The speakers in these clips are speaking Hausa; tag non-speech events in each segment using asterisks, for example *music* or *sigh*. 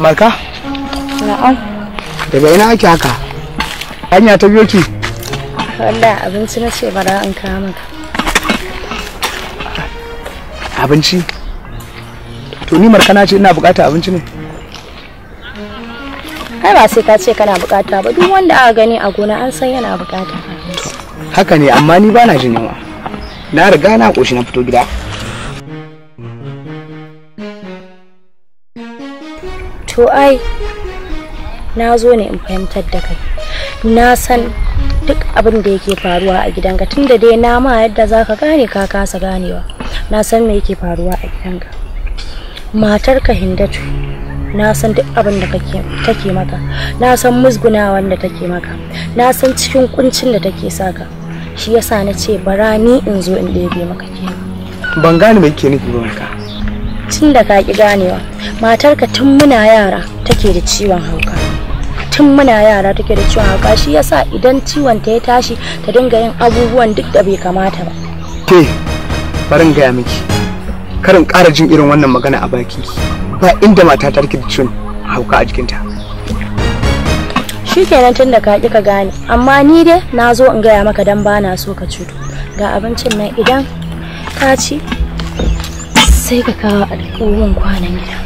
Marka? Na'am. Daga ina ake haka? Hanya ta biyo ki? Wanda abinci na ce bara an kawo maka. Abinci? To ni marka na ce ina bukata abinci ne. Kai ba sai ka ce kana bukata ba duk wanda aka gani a gona an san yana bukata. haka ne amma ni bana jin yawa na riga na koshi na fito gida to ai na zo ne in fahimtar da kai na san duk abin da yake faruwa a gidanka tunda dai na ma yadda za ka gane ka kasa ganewa na san me yake faruwa a gidanka matarka hindatu na san duk abin da take maka na san musgunawan da take maka na san cikin kuncin da take saka shi yasa na ce bara ni in zo in ɗebe maka ke ban gane me kike nufi ba ka tun da ka ki ganewa matarka tun muna yara take da ciwon hauka tun muna yara take da ciwon hauka shi yasa idan ciwon ta ya tashi ta dinga yin abubuwan duk da bai kamata ba ke barin gaya miki karin ƙara jin irin wannan magana a baki ba inda mata ta da ciwon hauka a jikinta shikenan tun da ka ƙi ka gane amma ni dai na zo in gaya maka dan bana so ka cuto ga abincin nan idan ka ci sai ka kawo alƙawarin kwanan gida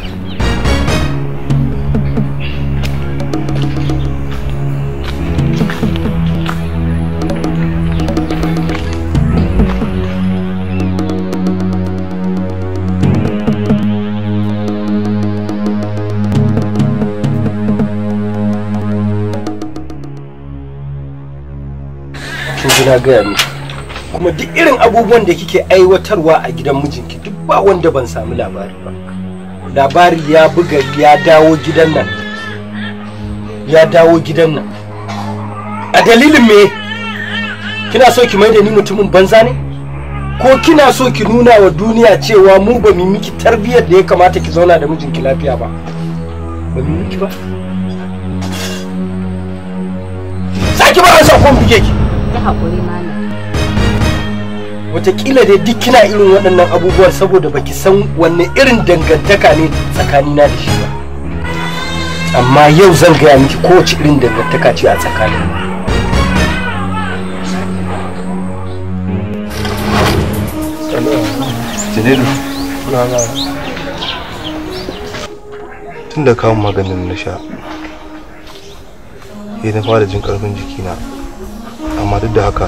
ta gaya min kuma duk irin abubuwan da kike aiwatarwa a gidan mijinki duk ba wanda ban samu labari ba labari ya buga ya dawo gidan nan ya dawo gidan nan a dalilin me kina so ki mai da ni mutumin banza ne ko kina so ki nuna wa duniya cewa mu ba mu miki tarbiyyar da ya kamata ki zauna da mijinki lafiya ba ba mu miki ba ki ba sa bige ki haƙuri Wataƙila dai duk kina irin waɗannan abubuwa saboda baki san wanne irin dangantaka ne tsakanina da shi ba. Amma yau zan gaya miki kowace irin dangantaka ce a tsakanin. Janelu. Tun da maganin na sha, na fara jin ƙarfin jikina. amma duk da haka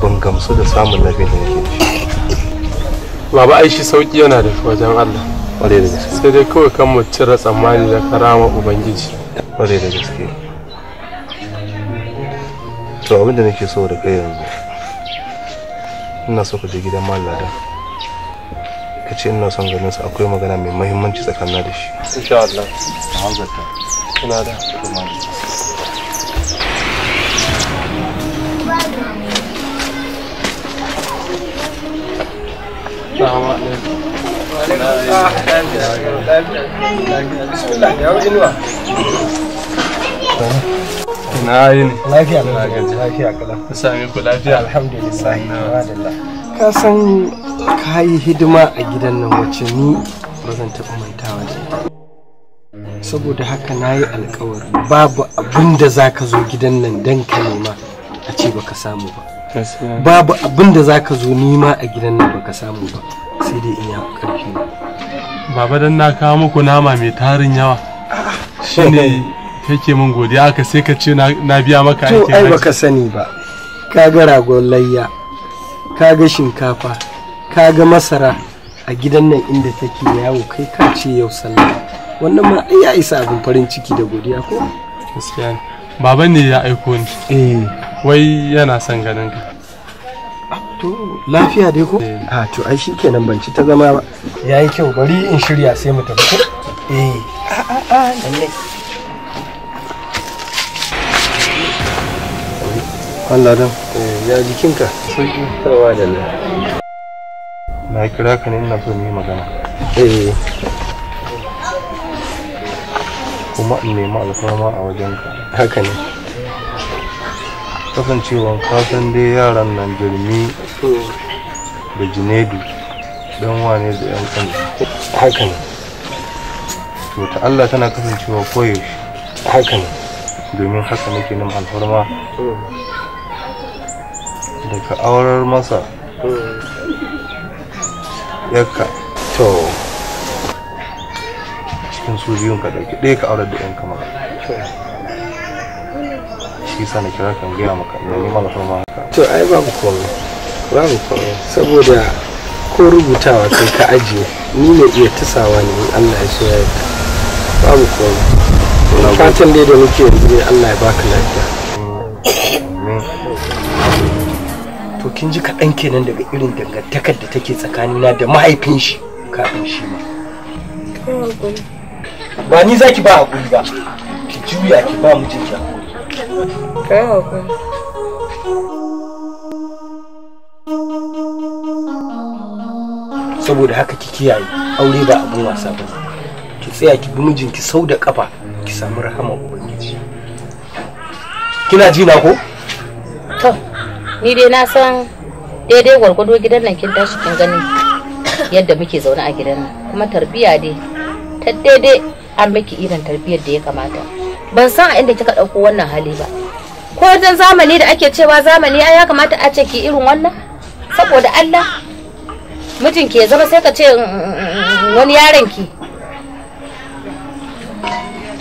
ban gamsu da samun lafiyar da yake da shi baba ai shi sauki yana da wajen Allah ƙwarai da gaske sai dai kawai kan mu cire tsammani da karama ubangiji ƙwarai da gaske to abin da nake so da kai yanzu ina so ka je gidan mallada ka ce ina son ganin sa akwai magana mai muhimmanci tsakanin da shi insha Allah na hanzarta ina da ka san ka yi hidima a gidan nan wacce ni ba zan taɓa mantawa da saboda haka na yi alkawari babu abin da za ka zo gidan nan don ka nema a ce baka samu ba babu abin da zaka zo nima a gidan nan baka samu ba sai dai in ya karfi baba dan na kawo muku nama mai tarin yawa shine kake min godiya aka sai ka ce na biya maka aikin to ai baka sani ba ka ga ragon layya ka ga shinkafa ka ga masara a gidan nan inda take yawo kai ka ce yau sallah wannan ma ai ya isa abin farin ciki da godiya ko gaskiya Baban ne ya aiko ni eh wai yana son ganin ka ah, to lafiya dai ko eh. a ah, to ai shikenan ban ci ta zama ba yayi kyau bari in shirya sai mu tafi ko eh a a a lalle Allah dan eh, ya jikinka sai tawa da na kira ka ne ina so ni magana eh kuma in nemi alfarma a wajenka haka ne kasancewan kasan dai yaran nan jirmi da jinedu don wane da yan kan haka ne to ta Allah tana kasancewa koyaushe haka ne domin haka nake nan alfarma daga aurar masa yakka to cikin su biyun ka ɗauki ɗaya ka aurar da yan kamar sani na kira kan gaya maka da nima alfarma haka to ai babu komai babu komai saboda ko rubutawa kai ka ajiye ni ne iya tasawa ne in Allah ya so ya yarda babu komai fatan dai da muke yanzu ne Allah ya baka lafiya to kin ji kaɗan kenan daga irin dangantakar da take tsakanina da mahaifin shi kafin shi ma ba ni zaki ba hakuri ba ki juya ki ba mu saboda haka ki kiyaye aure ba abun wasa ba ki tsaya ki bi mijinki sau da kafa ki samu rahama ubangiji kina ji na ko to ni dai na san daidai gwargwado gidan nan kin tashi kin gani yadda muke zaune a gidan nan kuma tarbiya dai ta daidai an miki irin tarbiyar da ya kamata ban san a inda kika ɗauko wannan hali ba ko wajen zamani da ake cewa zamani ya kamata a ce ki irin wannan saboda Allah mijinki ya zama sai ka ce mm, mm, mm, wani yaron ki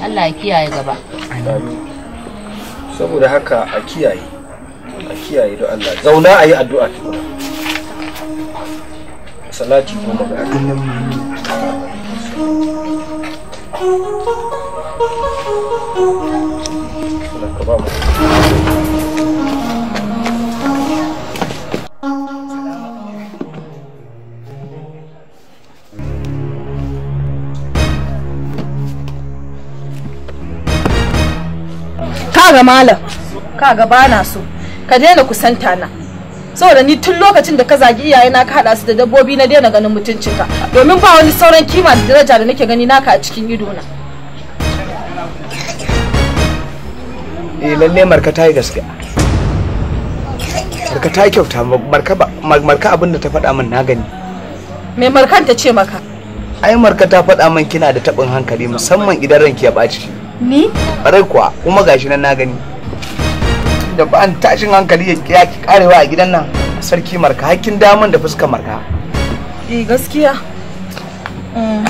Allah ya kiyaye gaba saboda haka a kiyaye a kiyaye don Allah zauna a yi addu'a salati goma ga ba mu kaga malam kaga bana so ka daina kusanta na saboda ni tun lokacin da ka zagi iyayena ka hada su da dabbobi na daina ganin mutuncinka domin ba wani sauran kima da daraja da nake gani naka a cikin idona. na eh lalle marka ta yi gaskiya marka ta kyauta marka ba marka abin da ta faɗa min na gani me markan ta ce maka ai marka ta faɗa min kina da taɓin hankali musamman idan ranki ya ɓaci ni ɓarai kuwa kuma gashi nan na gani da ba an tashin hankali ya ki karewa a gidan nan sarki marka hakkin daman da fuskar marka eh gaskiya mm.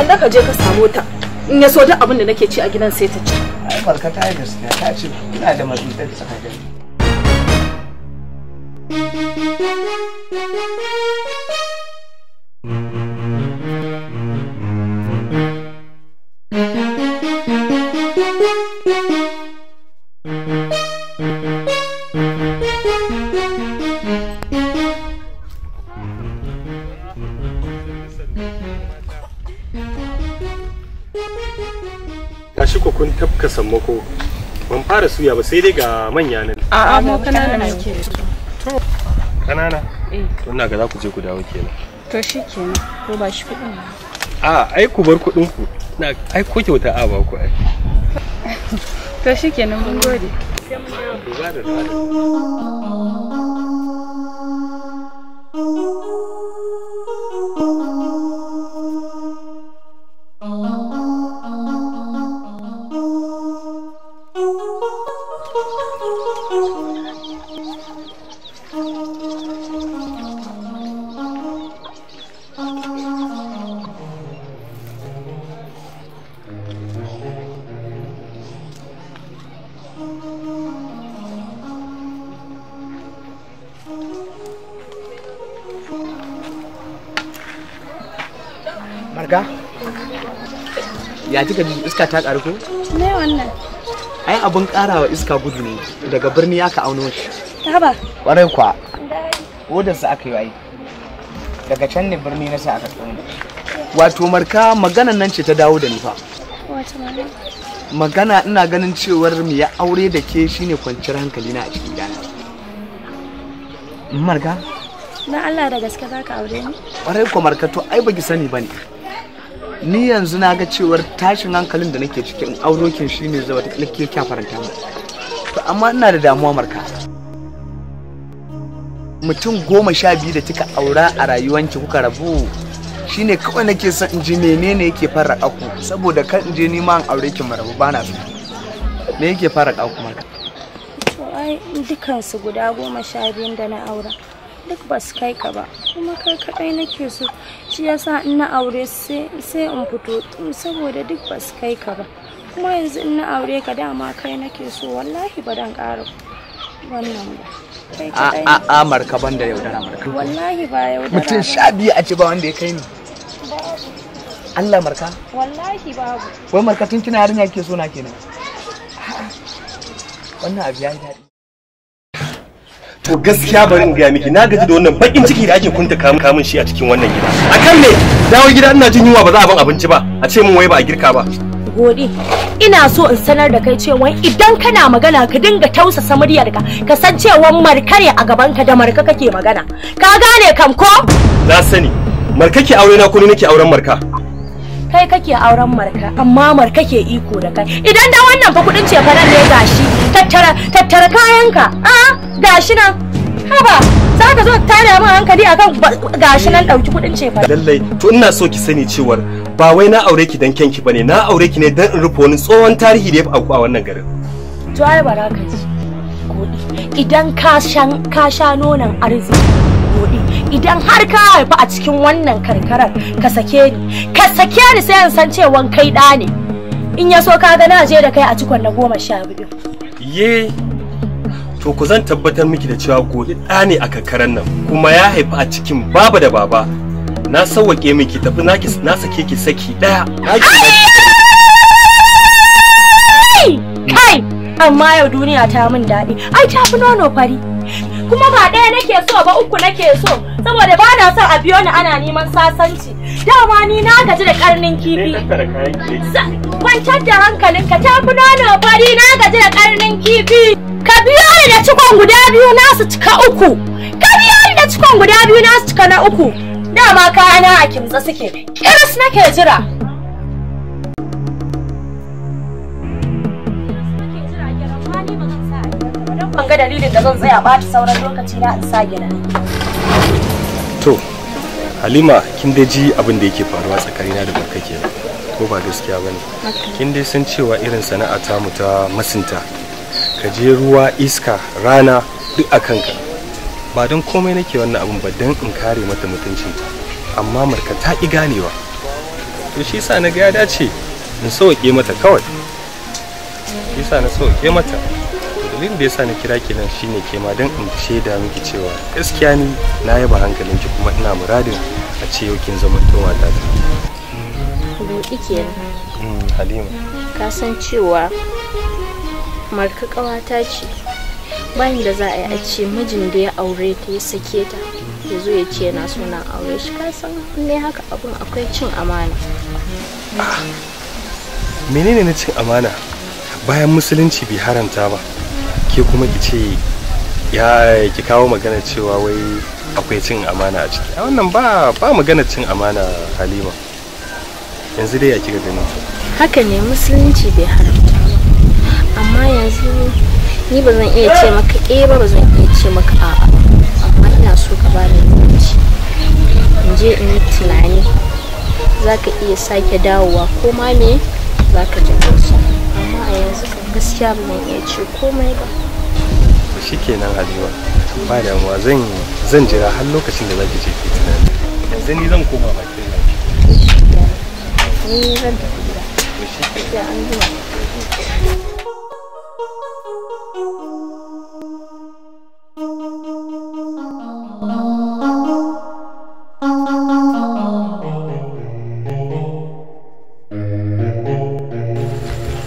wanda ka je ka samu ta in ya so abin da nake ci a gidan sai ta ci ai barka ta yi gaskiya ta ce ina da matsutsai da saka gashi ko kun tafka sammako ban fara suya ba sai dai ga manya nan a'a mu kanana ne ke to kanana eh wannan ga za ku je ku dawo kenan to shikenan ko ba shi kudin a ai ku bar kudin ku na ai ko kyauta a ba ku ai to shikenan mun gode sai mun dawo ya kika iska ta karu ko me wannan ai abun karawa iska gudu ne daga birni aka auno shi taba ƙwarai kwa odar sa aka yi ai daga can ne birni na sa aka tsono wato marka maganan nan ce ta dawo da ni fa magana ina ganin cewar mu ya aure da ke shine kwanciyar hankali na a cikin gana marka na Allah da gaske zaka aure ni kwarai kwa marka to ai baki sani bane ni yanzu na ga cewar tashin hankalin da nake cikin aurokin shine zai wata kya faranta mu to amma ina da damuwa marka mutum goma sha biyu da kika aura a rayuwanki kuka rabu shine kawai nake son in ji menene yake fara ku saboda kan in je ma an aure ki rabu bana so me yake fara ku marka to ai dukansu guda goma sha biyun da na aura duk ba su kai ka ba kuma kai kaɗai nake so shi yasa in na aure sai in fito saboda duk ba su kai ka ba kuma yanzu in na aure ka dama kai nake so wallahi ba dan ƙara wannan ba a a marka ban da yaudara marka wallahi ba yaudara mutum sha biyu a ce ba wanda ya kai ni Allah marka wallahi babu wai marka tun kina yarinya ke so na kenan wannan abu ya yi to gaskiya bari in gaya miki na gaji da wannan bakin ciki da ake kunta kamun shi a cikin wannan gida A kan ne, dawo gida ina jin yunwa ba za a ban abinci ba a ce min wai ba a girka ba gode ina so in sanar da kai cewa idan kana magana ka dinga tausasa muryarka ka san cewa markare a gaban ka da marka kake magana ka gane kam ko na sani marka ke aure na kuma nake auren marka kai kake auren marka amma marka ke iko da kai idan da wannan fa kudin ce fa nan ne gashi tattara tattara kayanka a gashi nan haba za ka zo tare min hankali akan gashi nan dauki kudin ce fa lallai to ina so ki sani cewar ba wai na aure ki dan kyanki bane na aure ki ne dan in rufe wani tsohon tarihi da ya auku a wannan garin to ai baraka ji idan ka sha nonon arziki idan har ka haifi a cikin wannan karkarar ka sake ni ka sake ni sai in san cewa kai ɗa ne in ya so ka ga na je da kai a cikon na goma sha biyu ye to ku zan tabbatar miki da cewa gobe ɗa ne a karkarar nan kuma ya haifi a cikin baba da baba na sawwake miki tafi na sake ki saki ɗaya na kai amma yau duniya ta min daɗi ai ta nono fari kuma ba ɗaya nake so ba uku nake so saboda ba na son a biyo ni ana neman sasanci dama ni na gaji da karnin kifi kwantar da hankalinka ta fi nono fari na gaji da karnin kifi ka biyo ni da cikon guda biyu nasu cika uku ka biyo ni da cikon guda biyu nasu cika na uku dama kayana a kimtsa suke kiris nake jira ban ga dalilin da zan tsaya ɓata sauran lokaci na in sa gida to halima kin dai ji abin da yake faruwa tsakanina da barka ke ko ba gaskiya bane kin dai san cewa irin sana'a ta mu ta masinta ka je ruwa iska rana duk a kanka ba don komai nake wannan abun ba don in kare mata mutunci, amma marka ta ƙi ganewa to shi sa na ga ya dace in sauke mata kawai shi sa na sauke mata abin da ya sa na kira kenan shine ke ma don in shaida miki cewa gaskiya ni na yaba hankalin ki kuma ina muradin a ce yau kin zama ta ta kenan mm, halima ka san cewa marka ƙawata ce bayan da za a yi a ce mijin da ya aure ta ya sake ta ya zo ya ce yana suna aure shi ka san ne haka abun akwai cin amana menene na cin amana bayan musulunci bai haramta ba ke kuma ki ce ya ki kawo magana cewa wai akwai cin amana a ciki a wannan ba ba magana cin amana halima yanzu dai ya kika ganin haka ne musulunci bai haramta amma yanzu ni ba zan iya ce maka eh ba ba zan iya ce maka a'a amma ina so ka bani zuci in je in yi tunani za ka iya sake dawowa ko ma me za ka ji amma a yanzu gaskiya ba zan iya ce komai ba shikenan halima ba damuwa zan zan jira har lokacin da zaki ce ki tunani yanzu ni zan koma ba.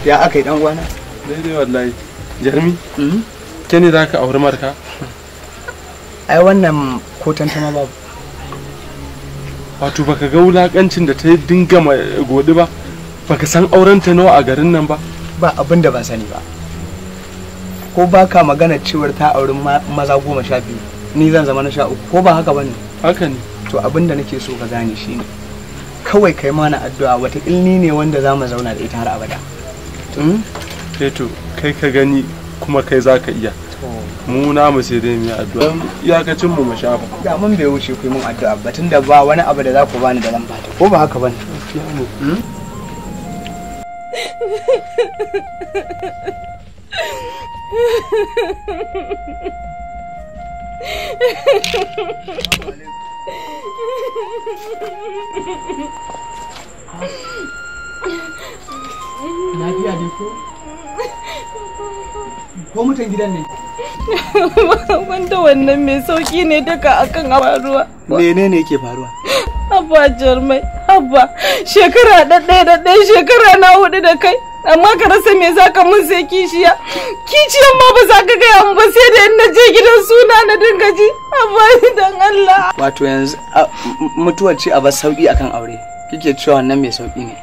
ya aka yi dan gwana daidai wallahi jarmi mm-hmm. ke ne za ka auri marka ai wannan kotan ta babu wato baka ga wulakancin da ta dinga godi ba baka san auren ta nawa a garin nan ba ba abin da ban sani ba ko ba ka magana cewar ta auri maza goma sha biyu ni zan zama na sha uku ko ba haka ba ne haka ne to abin da nake so ka gane shi ne kawai kai mana addu'a wata ilni ne wanda za mu zauna da ita har abada hmm? eh kai ka gani kuma kai za ka iya mu namu sai dai mu addu'a iyakacin mu ma shafa da mun bai wuce ku mun addu'a ba tunda ba wani abu da za ku bani da lamba ta ko ba haka bane Lafiya dai ko? ko mutan gidan ne wanda *laughs* wannan mai sauki ne duka akan faruwa ne ke faruwa abba jarmai abba shekara ɗaɗɗaya ɗaɗɗaya shekara na hudu da kai amma ka rasa me za ka mun sai kishiya kishiyan ma ba za ka gaya mu ba sai da in na je gidan suna na dinga ji amma dan Allah wato yanzu mutuwar ce a ba sauki akan aure kike cewa wannan mai sauki ne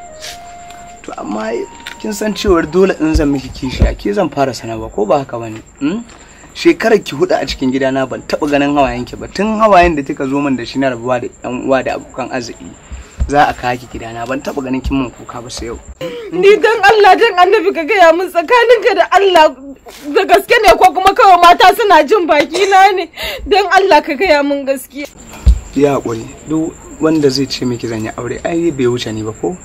to amma kin san cewar dole in zan miki kishi a ke zan fara sanarwa ko ba haka bane hmm? shekarar ki hudu a cikin gidana ban taba ganin hawayen ki ba tun hawayen da kika zo min da shi na rabuwa da yan uwa da abokan arziki za a kawo ki gidana ban taba ganin kin mun kuka ba sai yau ni dan Allah dan annabi ka gaya min tsakaninka da Allah da gaske ne ko kuma kawai mata suna jin baki na ne dan Allah ka gaya min gaskiya ya hakuri duk wanda zai ce miki zan yi aure ai bai wuce ni ba ko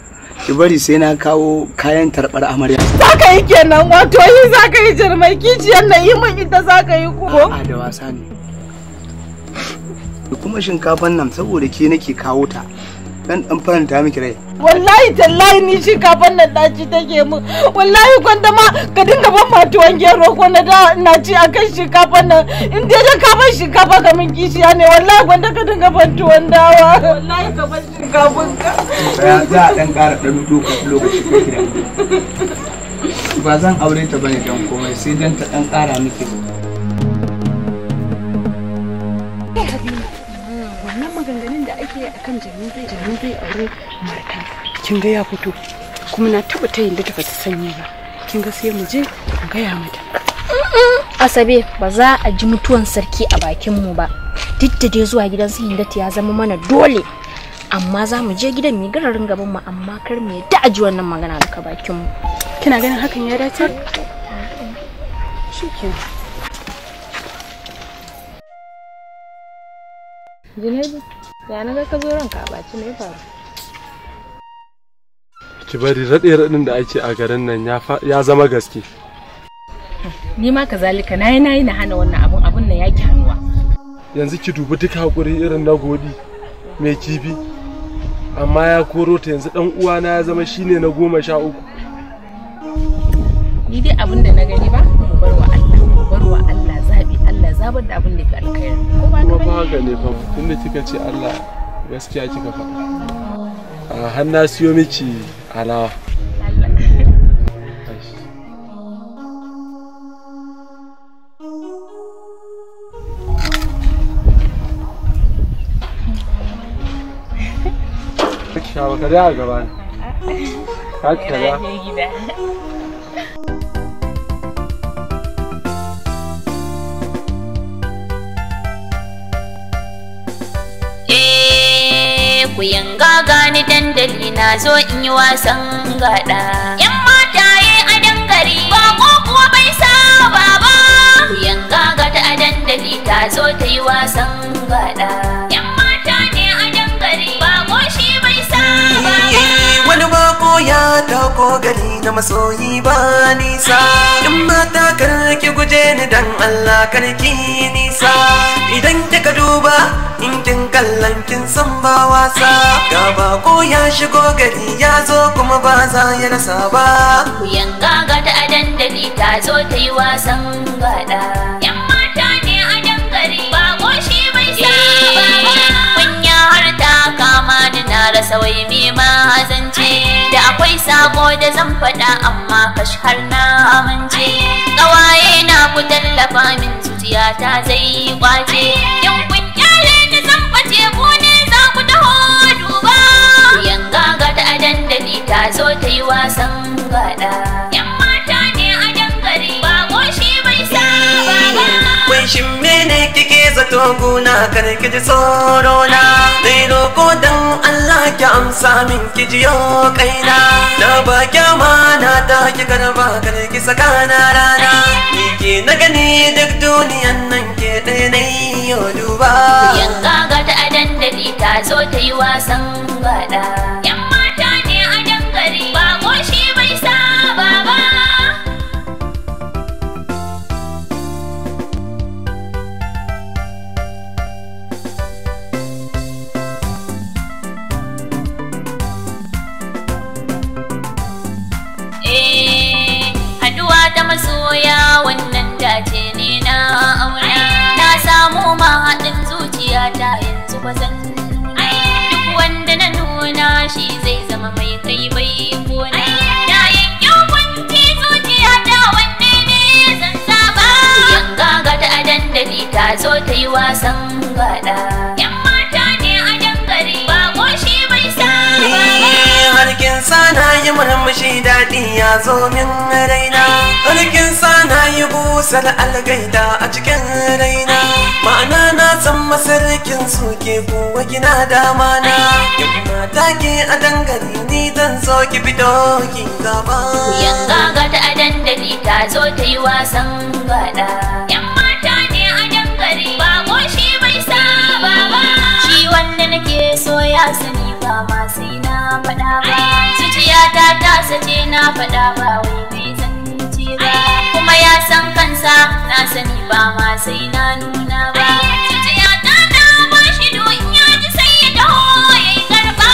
ki bari sai na kawo kayan tarbar amarya za ka yi kenan wato yi za ka yi jirmai kiciyar na yi min ita za ka yi ko a da wasa ne kuma shinkafan nan saboda ke nake kawo ta dan dan faranta miki rai wallahi tallahi ni shi kafan nan daji take mu wallahi da ma ka dinga ban ma tuwon gero ko na da na ci akan shi kafan nan in dai da ka ban shi kafa ka min kishiya ne wallahi da ka dinga ban tuwon dawa wallahi ka ban shi kafan ka za a dan kara dan ka lokaci ko kira ba zan aure ta bane dan komai sai dan ta dan kara miki faru marta kin ga ya fito kuma na taba ta yinda ta bata sanya ba kin ga sai mu je mu gaya mata asabe ba za a ji mutuwan sarki a bakin mu ba duk da dai zuwa gidan su hindata ya zama mana dole amma za mu je gidan mai gararin gaban mu amma kar mu yadda a ji wannan magana daga bakin mu kina ganin hakan ya dace shikenan ya na ka zo ranka a baci me faru? ki bari raɗe raɗin da ake a garin nan ya zama gaske ni ma kazalika na yi na yi na hana wannan abun abun na yaki hannuwa yanzu ki dubi duk haƙuri irin na godi mai kifi amma ya koro ta yanzu ɗan uwana ya zama shine na goma sha uku ni dai abun da na gani ba mu bar wa Allah mu bar wa Allah zabi Allah zabar da abun da ke alkhairi ko ba ka haka ne fa tunda kika ce Allah gaskiya kika faɗa a har miki Hello. Hello. Eh, Cześć. Picture of the real guy. Kaç kere? kuyan dandali na zo in yi wasan gaɗa. Yan mataye a gari. ba ko kuwa bai saba ba. Yanga ta a dandali ta zo ta yi wasan gaɗa. wani bako ya dauko gari na masoyi ba nisa in mata karki guje ni dan Allah karki nisa idan kika duba in kin kallan kin san ba wasa ga bako ya shigo gari ya zo kuma ba za ya rasa ba ku yanka ga ta ni ta zo ta yi wasan gada yan mata ne a dangare bako shi bai sa ba har ta kama ni na rasa wai me ma zance da akwai sako da zan faɗa amma kash har na amince kawaye na ku tallafa min zuciya ta zai kwace yan kunyare da ni zan face ku ne za ku taho duba yanga ga da dandali ta zo ta yi wasan gaɗa shin mene kike zato guna kar kiji ji tsoro na dai roko dan Allah ki amsa min ki jiyo kaina na ba ki amana ta ki karba kar ki saka na rana ni na gani duk duniyan nan ke ɗaya na yi duba yanka ga ta dandali ta zo ta yi wasan gada ce ni na aura na samu mahaɗin zuciya ta yanzu ba zan duk wanda na nuna shi zai zama mai kai bai kona na yanke zuciya ta wanne ne zan saba yanga ga ta dandali ta zo ta yi wasan gaɗa harkin sana yi murmushi daɗi ya zo min raina sa sana yi busar algaida a cikin raina ma'ana na san masarkin ke buwa gina dama na yamma take a dangare ni zan zo ki fito ki gaba yanga ga ta a dandali ta zo ta yi wasan gada yan mata ne a dangare ba shi bai saba ba shi wanda nake so ya sani sa ma sai na faɗa ba zuciyata ta sace na faɗa ba wai mai zance ba kuma ya san kansa na sani ba ma sai na nuna ba zuciyata ta ba shi don ya ji sai ya taho ya yi garba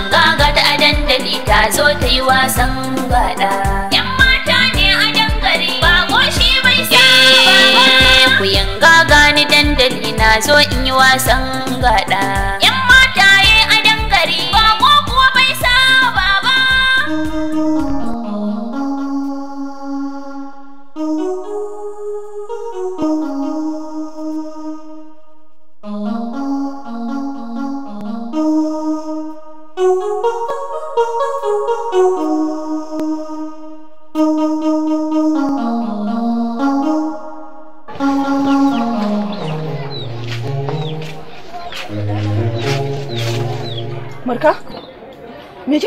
yanga ga ta a dandali ta zo ta yi wasan gaɗa yan mata ne a ba goshi bai ba eh, ku yanga gani dandali na zo in yi wasan gaɗa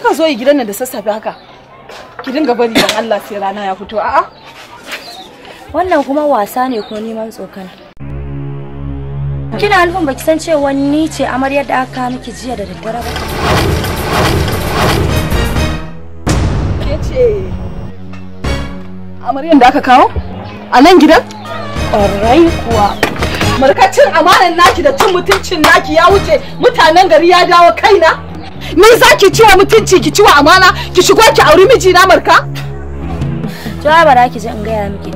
kika zo yi gidan nan da sassafe haka ki dinga bari dan Allah sai rana ya fito a'a wannan kuma wasa ne ko neman tsokan. kina alfin baki san cewa ni ce amaryar da aka miki jiya da daddare ba ke amaryar da aka kawo a nan gidan ƙwarai kuwa markacin amanar naki da cin mutuncin naki ya wuce mutanen gari ya dawo kaina ni za ki wa mutunci ki ci wa amana ki shigo ki auri miji na marka jawa bara ki ji in gaya miki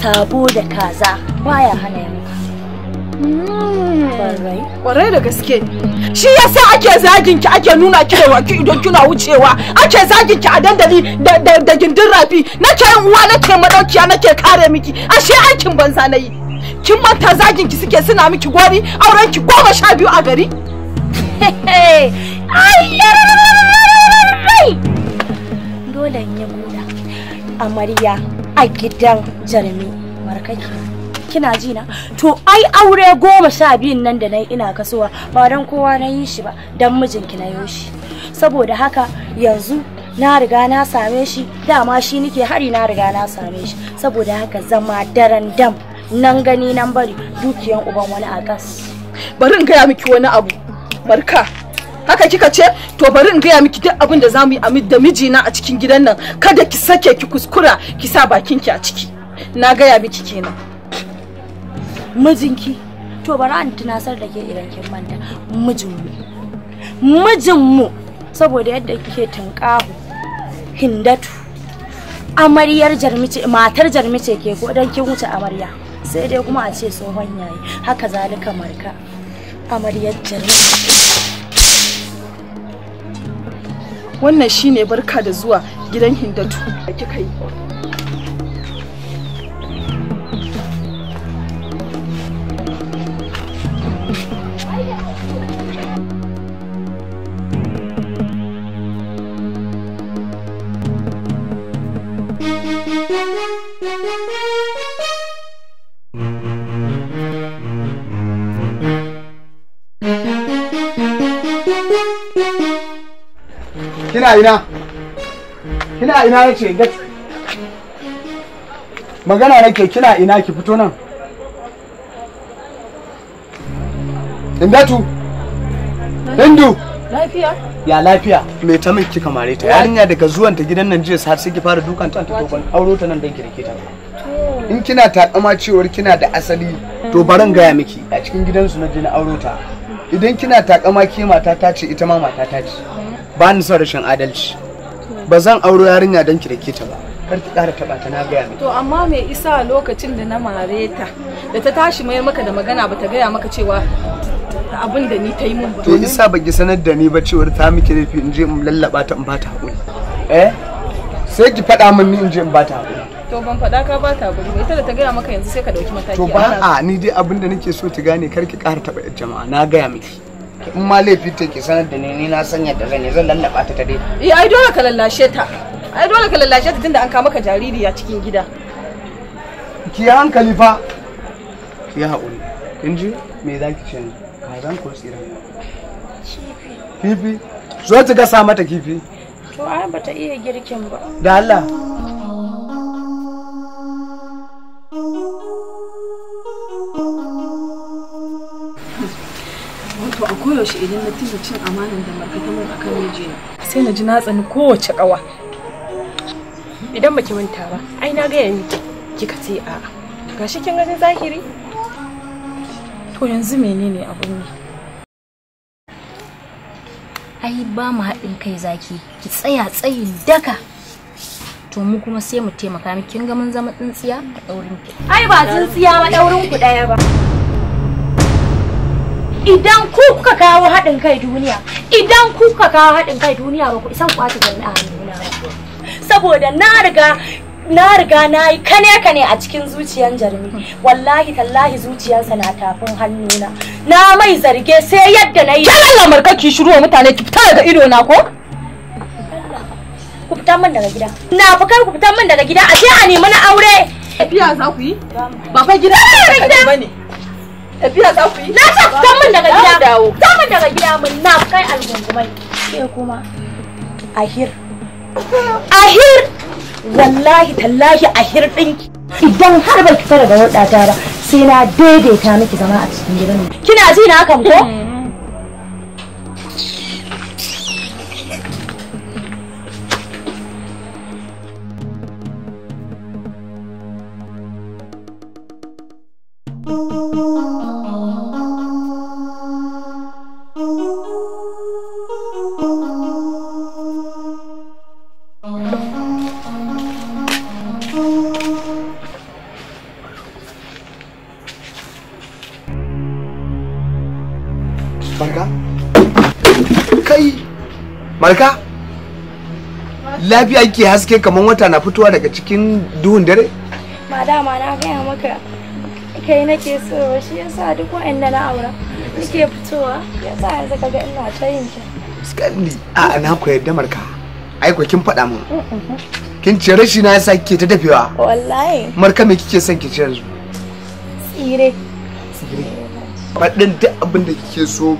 sabo da kaza baya hana yanka hmm. kwarai da gaske shi yasa ake zagin ki ake nuna ki da waki idan kina wucewa ake zagin ki a dandali da gindin rafi nake yin uwa nake madaukiya nake kare miki ashe aikin banza na yi kin manta zagin ki suke suna miki gori auren ki goma sha biyu a gari Dole in yi guda. Amarya a gidan jarumi markaki. Kina ji na? To ai aure goma sha biyun nan da na ina kasuwa ba don kowa na yi shi ba don mijinki na yo Saboda haka yanzu na riga na same shi dama shi nike hari na riga na same shi saboda haka zama daren dam nan gani nan bari dukiyan uban wani a kas. Bari in gaya miki wani abu. Barka. haka kika ce to bari in gaya miki duk abin da zamu yi da mijina a cikin gidan nan kada ki sake ki kuskura ki sa bakin ki a ciki na gaya miki kenan mijinki to bari an tunasar da ke idan kin manta mijinmu mijinmu saboda yadda kike tunƙahu hindatu amaryar jarmice matar jarmice ke ko dan kin wuce amarya sai dai kuma a ce tsohon yayi haka zalika marka amaryar jarmice wannan shine barka da zuwa gidan hindatu da kika yi ina kina ina yace magana nake kina ina ki fito nan Indatu Hindu Lafiya Ya lafiya me ta miki mare ta yarinya daga zuwan ta gidan nan jiya har sai ki fara dukan ta ta dokon auro ta nan dan kirke ta In kina takama cewar kina da asali to barin gaya miki a cikin gidansu na je auro ta idan kina takama ke mata ta ce ita ma mata ta ce ba ni son rashin adalci ba zan auro yarinya don ki da ke ta ba kar ki ƙara taba ta na gaya mai. to amma me isa lokacin da na mare ta da ta tashi mai maka da magana ba ta gaya maka cewa abin da ni ta yi mun ba to isa ba ki sanar da ni ba cewar ta miki laifi in je in lallaba ta in ba ta haƙuri eh sai ki faɗa min ni in je in ba ta haƙuri to ban faɗa ka ba ta gudu ita da ta gaya maka yanzu sai ka dauki mataki to ba a ni dai abin da nake so ta gane kar ki ƙara taɓa jama'a na gaya miki in ma laifi ta sanar da ni ni na sanya da zan zan lallaba ta ta dai eh ai dole ka lallashe ta ai dole ka lallashe ta tunda an kama ka jariri a cikin gida ki hankali fa ki haƙuri kin ji me za ki ce ka zan ko tsira kifi zo ki gasa mata kifi to ai bata iya girkin ba da Allah thank mm. you To a koyaushe idan na tuna cin amanan da markata mun akan mijina. Sai na ji na tsani kowace ƙawa. Idan baki manta ba, ai na gaya miki kika ce a'a. Gashi kin ganin zahiri? To yanzu menene abun ne? Ai ba mu haɗin kai zaki, ki tsaya tsayin daka. to mu kuma sai mu taimaka miki kin ga mun zama tsintsiya a daurin ki ai ba tsintsiya ba daurin ku daya ba idan ku kuka kawo haɗin kai duniya idan ku kuka kawo haɗin kai duniya ba ku isan kwace jami'a nuna ba saboda na riga na riga na yi kane kane a cikin zuciyan jarumi wallahi tallahi zuciyansa na tafin hannuna na mai zarge sai yadda na yi kyan Allah ki shiru wa mutane ki fita daga ido na ko ku fita min daga gida na fukar ku fita min daga gida a je a nemi na aure tafiya za ku yi ba fa gida ba ne Tafiya za ku yi? Na ta ku min daga gida. na dawo. Za mu daga gida mun na kai algungumai. Ke kuma. Ahir. Ahir. Wallahi tallahi ahir ɗinki. Idan har ba ki fara ga hurɗata ba sai na daidaita miki zama a cikin gidan. Kina ji na hakan ko? Hmm. barka lafiya ke haske kamar wata na fitowa daga cikin duhun dare madama na gaya maka kai nake so shi yasa duk wa'anda na aura nake fitowa yasa yanzu kaga ina ta yin ki skandi a na ku yadda marka ai ku kin faɗa mun kin ce rashi na yasa kike ta dafewa wallahi marka me kike son ki ci yanzu tsire tsire faɗin duk abin da kike so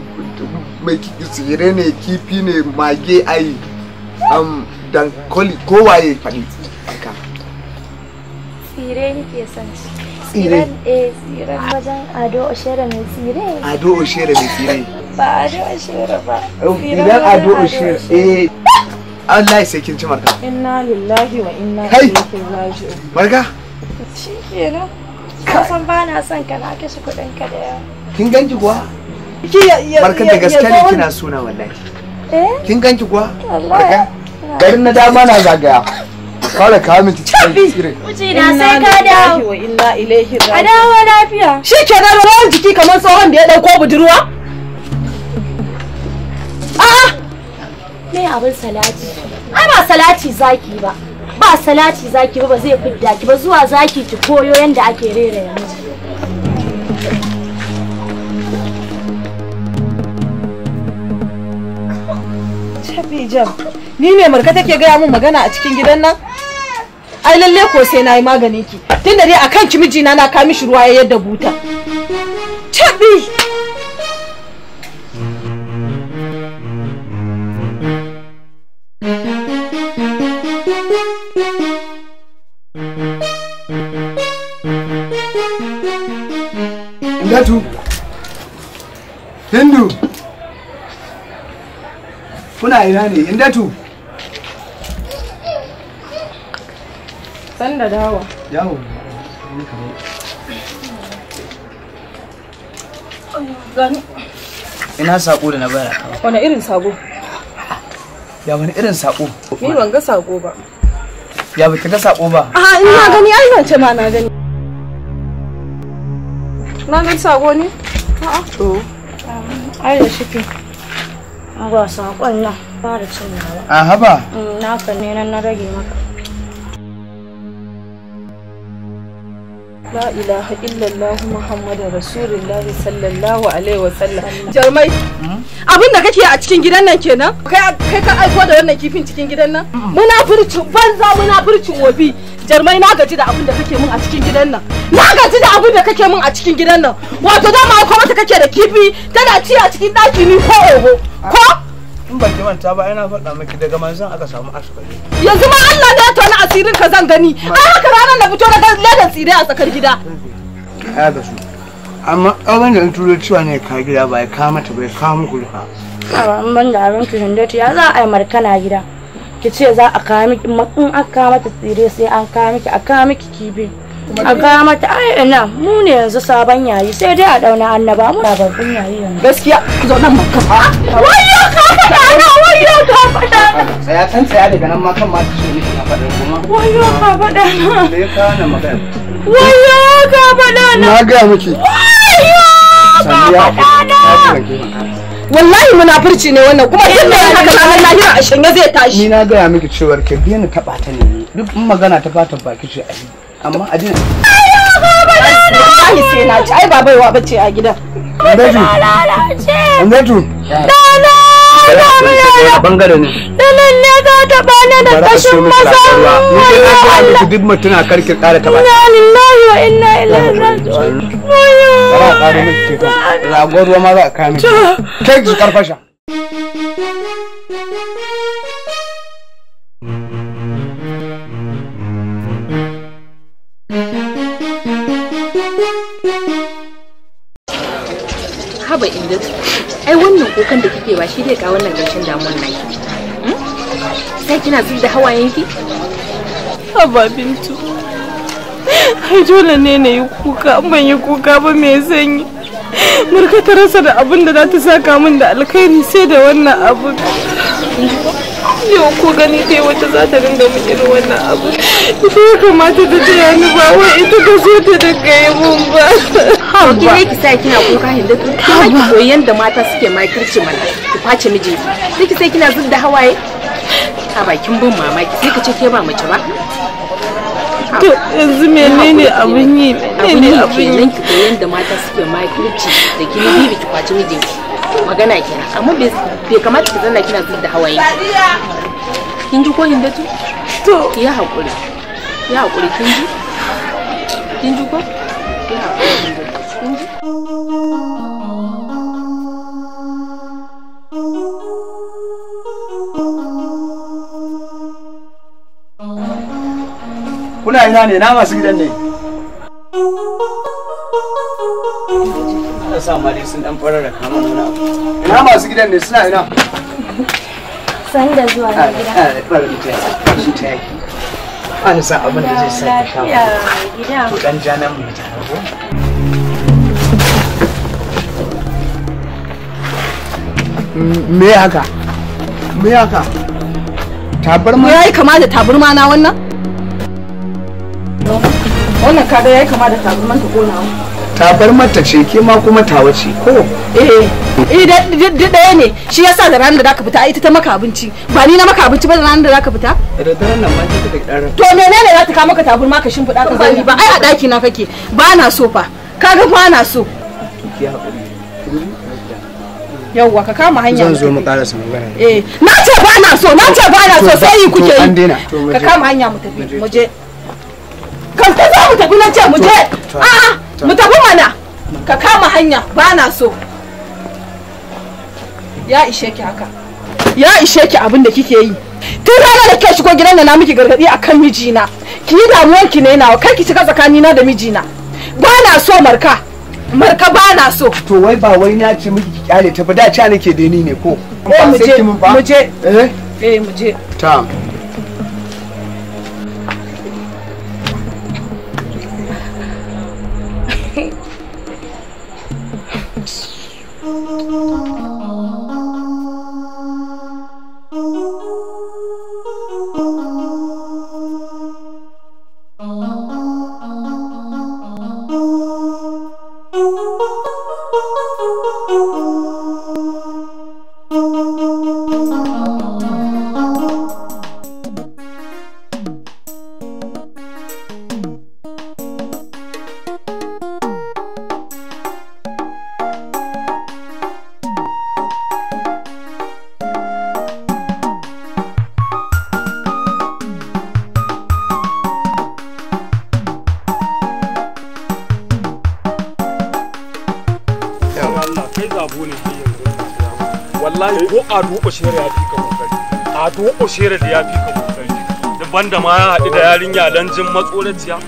mai tsire ne kifi ne mage ayi um, dankoli kowaye faɗi haka tsire nike son tsire eh tsiren wajen ado oshere mai tsire ado oshere mai tsire ba ado oshere ba idan ado oshere eh Allah ya sai kin ci marka inna lillahi wa inna ilaihi raji'un marka shikenan kasan ba na son ka na kashe kuɗin ka da yawa kin ganji kuwa barkan da gaske ne kina suna wallahi eh? kin ganki kuwa garin na dama na zagaya kare ka min cikin tsire. wuce na sai ka dawo inna ilaihi a dawo lafiya shi ke nan rawan jiki kamar tsohon da ya dauko budurwa me abin salati ai ba salati zaki ba ba salati zaki ba ba zai fidda ki ba zuwa zaki ki koyo yanda ake rera yanzu jam ni ne marka take gaya mun magana a cikin gidan nan? Ai lalle ko sai na yi ki, tun dai a ki mijina na ka mishi ruwa ya yadda buta. Tabi! ina ne? In datu. Sanda dawa. Yawo. Ina sako da na baya. wani irin sako? Ya wani irin sako? Ni ban ga sako ba. Ya ba ga sako ba? A ina gani ai zance ma na gani. Na ga sako ne? A'a. To. Ai da shi ga saƙon nan fara cinyawa a haba mm, na ka nena na rage maka la ilaha illallah muhammadu rasulullahi sallallahu alaihi wa sallam jarmai hmm? abin da kake a cikin gidan nan kenan kai ka aiko da wannan kifin cikin gidan nan muna furcin banza muna furcin wabi jarmai na gaji da abin da kake min a cikin gidan nan na gaji da abin da kake min a cikin gidan nan wato ma ko mata kake da kifi tana ci a cikin daki ni ko oho ko in baki manta ba ina faɗa miki daga manzon aka samu asibiti yanzu ma Allah ne ya tona asirin ka zan gani ai haka ranar na fito daga ladan tsire a tsakar gida ya ga su amma abin da in turo cewa ne ka gida ba ya kama ta bai kama muku duka ban da abin ki ya za a yi markana gida ki ce za a kawo miki in an kawo mata tsire sai an kawo miki a kawo miki kibi a kawo mata ai ina mu ne yanzu sabon yayi sai dai a dauna annaba mu sababbin yayi yanzu gaskiya ki zo nan maka ah, wayo ka fada na wayo ka fada tsaya kan tsaya daga nan ma kan ma ki ne ka fada kuma wayo ka fada na sai ka na magana wayo ka fada na na ga miki wayo ka fada na wallahi munafurci ne wannan kuma duk da haka ranar lahira a shanye zai tashi ni na gaya miki cewar ki ni taba ta ne duk magana ta fatan baki ce ai amma a dina wallahi sai na ci ai ba baiwa bace a gidan Andatu Dana bangare ne sanin ne ka taba da kashin maza ni ke na duk mutuna karki kare lillahi wa inna ilaihi raji'un ra ma za ka ki karfasha haba inda ai wannan kukan da kike ba shi zai kawo wannan gashin damuwar nan hmm? sai kina zubi da hawayen ki haba bintu ai dole ne na yi kuka an ban yi kuka ba mai sanyi murka ta rasa da abin da za ta saka min da alkhairi sai da wannan abu yau ko gani dai wata za ta dinga mu irin wannan abu Ita ya kamata ta taya ni ba ita ta so ta daga yi mun ba. Haba. Ki ne ki sa kina kuka hinda ta yanda mata suke makirci mana ki kwace miji. Sai ki sai kina zub da hawaye. A bakin bin mamaki mace ba. To yanzu menene abin yi? Abin yi mata suke makirci da bibi ki Magana kenan amma bai kamata ki zanna kina da hawaye. Kin ji ko hindatu? To. Ki haƙuri. ya haƙuri kin ji kin ji ko kuna ina ne na masu gidan ne ina masu gidan ne suna ina ah, gida ah, ba san abin da zai sa ka sha to dan janan mu ta ko me haka me haka tabarma yayi kama da tabarma na wannan wannan kaga yayi kama da tabarman ta ko ta bar mata ce ke ma kuma ta wace ko eh eh ɗaya ne shi yasa da ranar da zaka fita ita ta maka abinci ba ni na maka abinci ba da ranar da zaka fita da daren nan ma ta take daren to menene za ta kawo maka ma ka shimfiɗa ka zani ba ai a daki na kake ba na so fa kaga ba na so yawwa ka kama hanya zan zo mu sa magana eh na ce ba na so na ce ba na so sai yi kuke yi ka kama hanya mu tafi mu je kan ta za mu tafi na ce mu je a'a mu tafi mana ka kama hanya ba na so ya ishe ki haka ya ishe ki abin da kike yi tun ranar da ke shigo gidan da na miki gargadi akan mijina ki yi damuwar ki ne nawa kar ki shiga tsakanina da mijina ba na so marka marka ba na so to wai ba wai na ce miki kyale ta ba da ca nake da ni ne ko eh, ba muje muje eh, eh muje ta oshere ya fi ka kokari ado oshere da ya fi ka kokari da banda ma ya haɗu da yarinya lanjin matsoraciya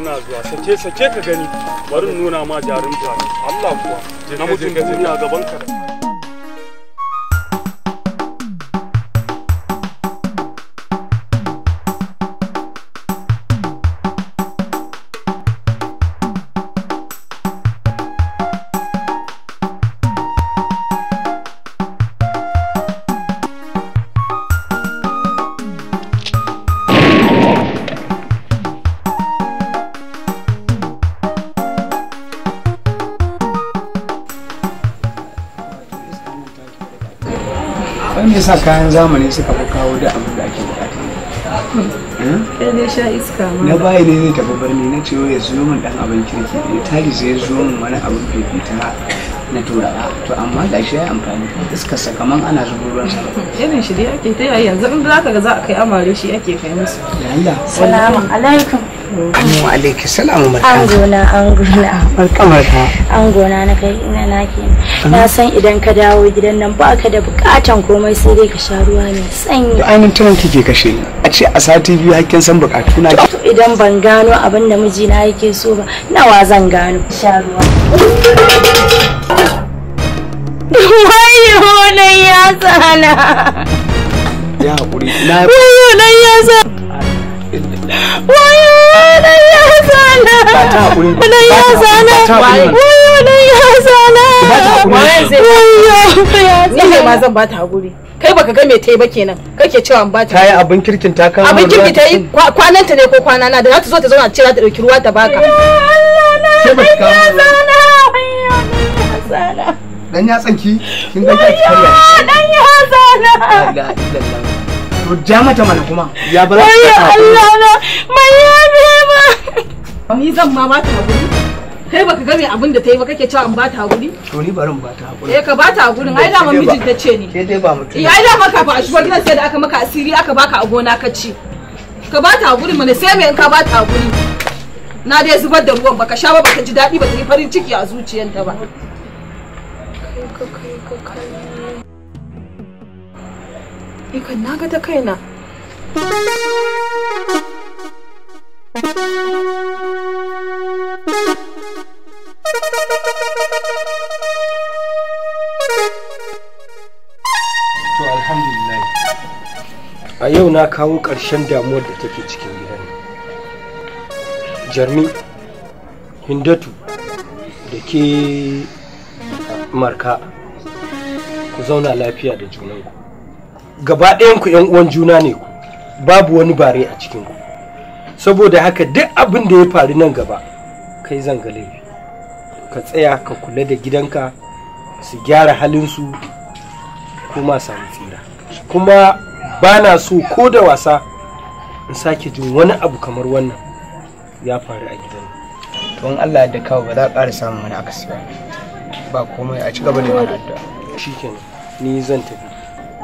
ina zuwa sake sake ka gani bari nuna ma jarumta Allah kuwa na mutum duniya gaban ka yasa kayan zamani suka fi kawo da abin da ake bukata na bayi ne zai tafi birni na cewa ya zo min dan abin kirki ne tari zai zo min wani abin fifita na turawa to amma ga shi ya amfani iska sakaman ana zubo ruwan sa irin shi dai ake ta yanzu in za ka ga za a kai amare shi ake kai musu salamu alaikum Amma alaiki salamu marka. An gona an gona. Marka marka. An gona na kai ina naki. Na san idan ka dawo gidan nan ba ka da bukatan komai sai dai ka sha ruwa ne sanyi. Da ainihin tunan kike kashe ni. A ce a sati biyu hakkin san bukatu na. Idan ban gano abin da mijina yake so ba nawa zan gano. Sha ruwa. Wayo nan ya tsana. Ya haƙuri. Wayo na ya tsana. Wayo wani ya zana ya zana ya zana ni ne ma zan hakuri kai baka ga me ta yi ba kenan kake cewa an ta yi abin kirkin ta kawo abin kirki ta yi kwanan ta ne ko kwana na da za ta zo ta zauna ce ta dauki ruwa ta baka ke dan ya tsanki kin ga ki karya dan ya zana to ja mata mana kuma ya bara Allah na mai ba ni zan ma bata hakuri kai baka ga me abin da ta yi ba kake cewa in bata hakuri to ni barin bata hakuri eh ka bata hakuri ai da ma mijin ta ce ni ke dai ba mutum eh, ai da maka ba a shigo gidan sai da aka maka asiri aka baka a gona ka ci ka bata hakuri mana sai me in ka bata hakuri na dai zubar da ruwan baka sha ba baka ji daɗi ba ta yi farin ciki a zuciyanta ba Ikan na ga ta kaina. yau na kawo ƙarshen damuwar da take cikin gidan jarmi hindatu da ke ah, marka ku zauna lafiya da junanku gaba ɗayanku yan uwan juna ne ku babu wani bare a cikinku saboda haka duk abin da ya faru nan gaba kai zanga laifi ka tsaya ka kula da gidanka su gyara halinsu kuma samu tsira kuma ba na so ko da wasa in sake jin wani abu kamar wannan ya faru a gidan to in Allah da kawo ba za a ƙara samun wani akasi ba ba komai a ci gaba da yin addu'a shikenan ni zan tafi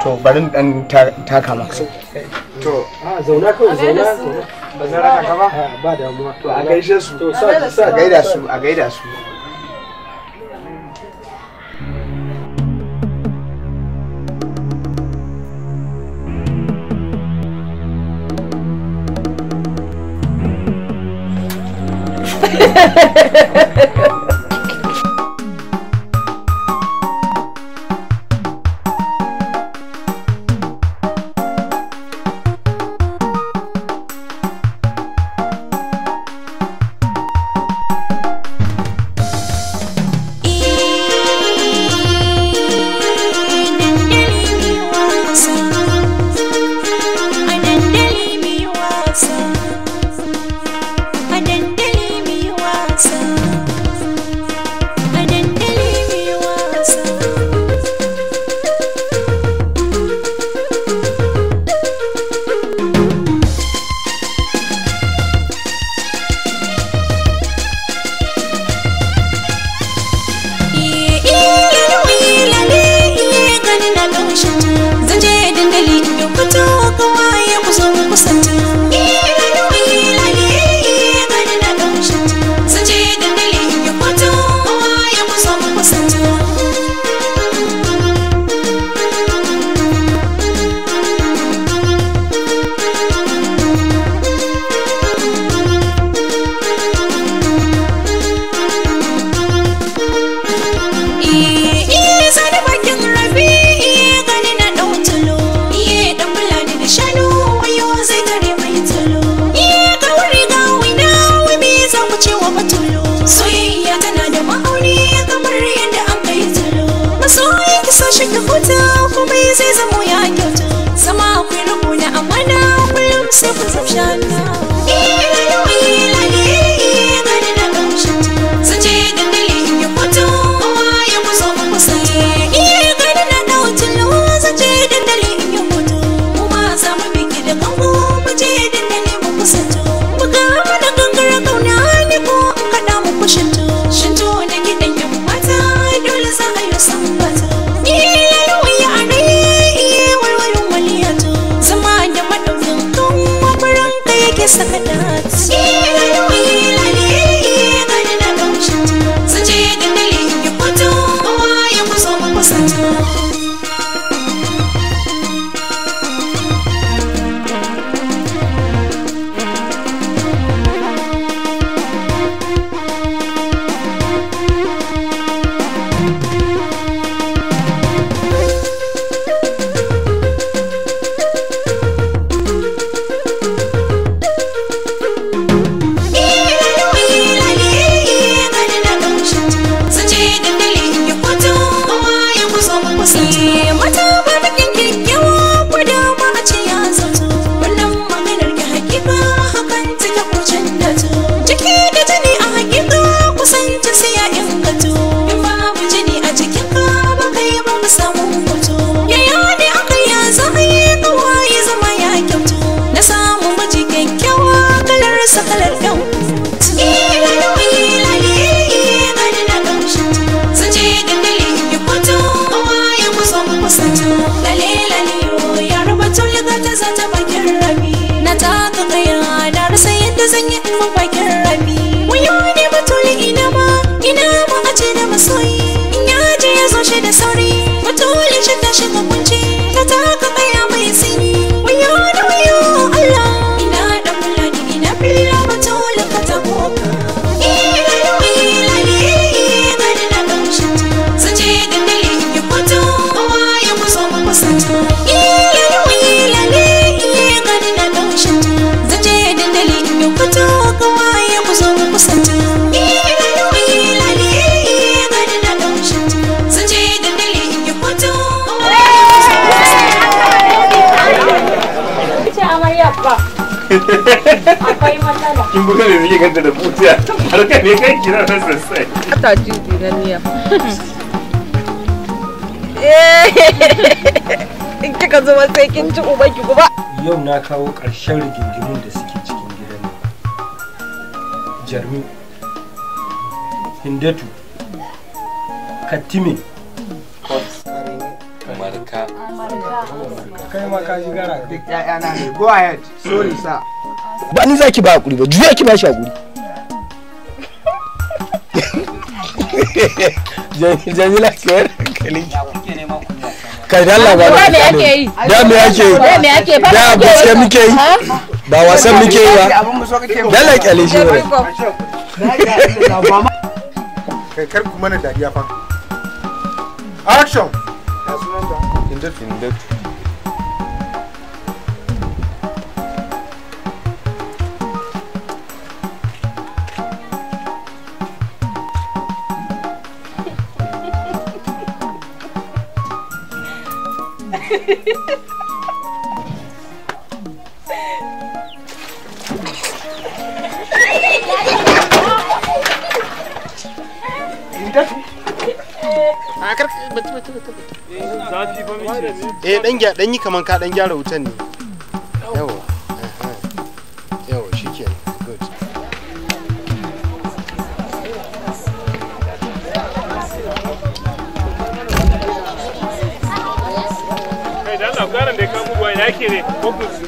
to bari dan taka maka to a zauna kawai zauna ba zan raka ka ba ba damuwa to a gaishe su to sa gaida su a gaida su ¡Ja, ja, ja! kuma da biyu ganta da butiya har kai ne kai kira na sassai ta jubi na miya in kika zo sai kin ci uba ki kuma yau na kawo ƙarshen rigingimun da suke cikin gidan nan jarmi hindatu katime marka kai ma ka ji gara duk ya'yana ne go ahead sorry sir ba ni zaki ba hakuri ba juya ki ba shi hakuri jamila kayar kalin kai da Allah ba da me yi da me yake yi da me ba da gaske muke yi ba wasan muke yi ba la kale shi ne kai kar ku mana dariya fa action indat indat Eh dan gyara dan yi kaman ka dan gyara wutan ne. On peut.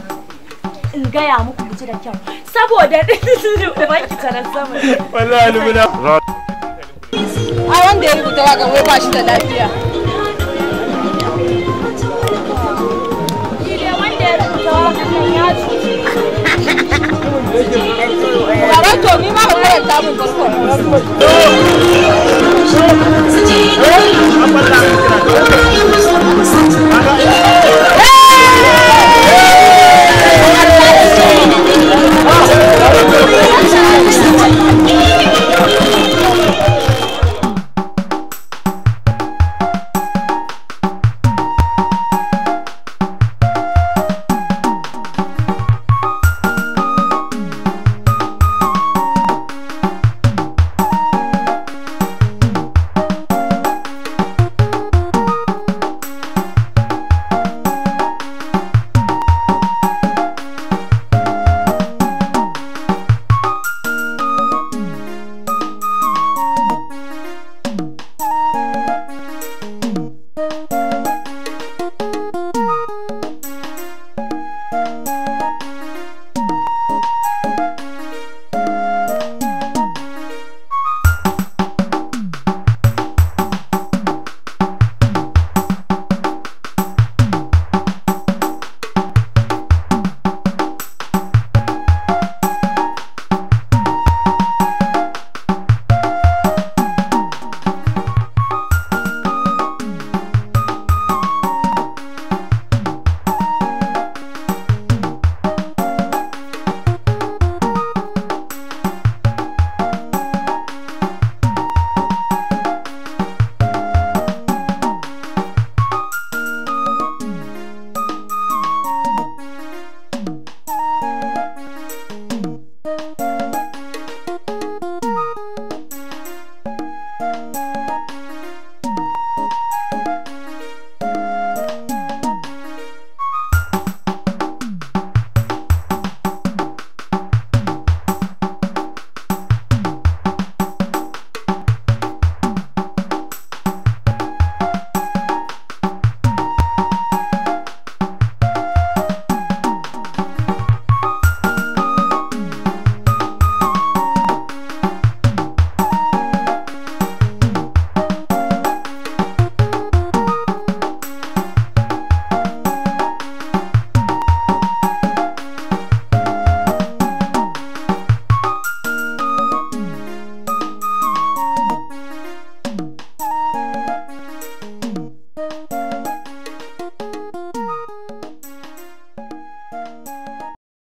in gaya muku guji da kyau saboda da *laughs* baki tsaron sama wallahi lumina ai wanda ya rubuta waka wai ba shi da lafiya Baban to ni ma ya karanta min eh, farko.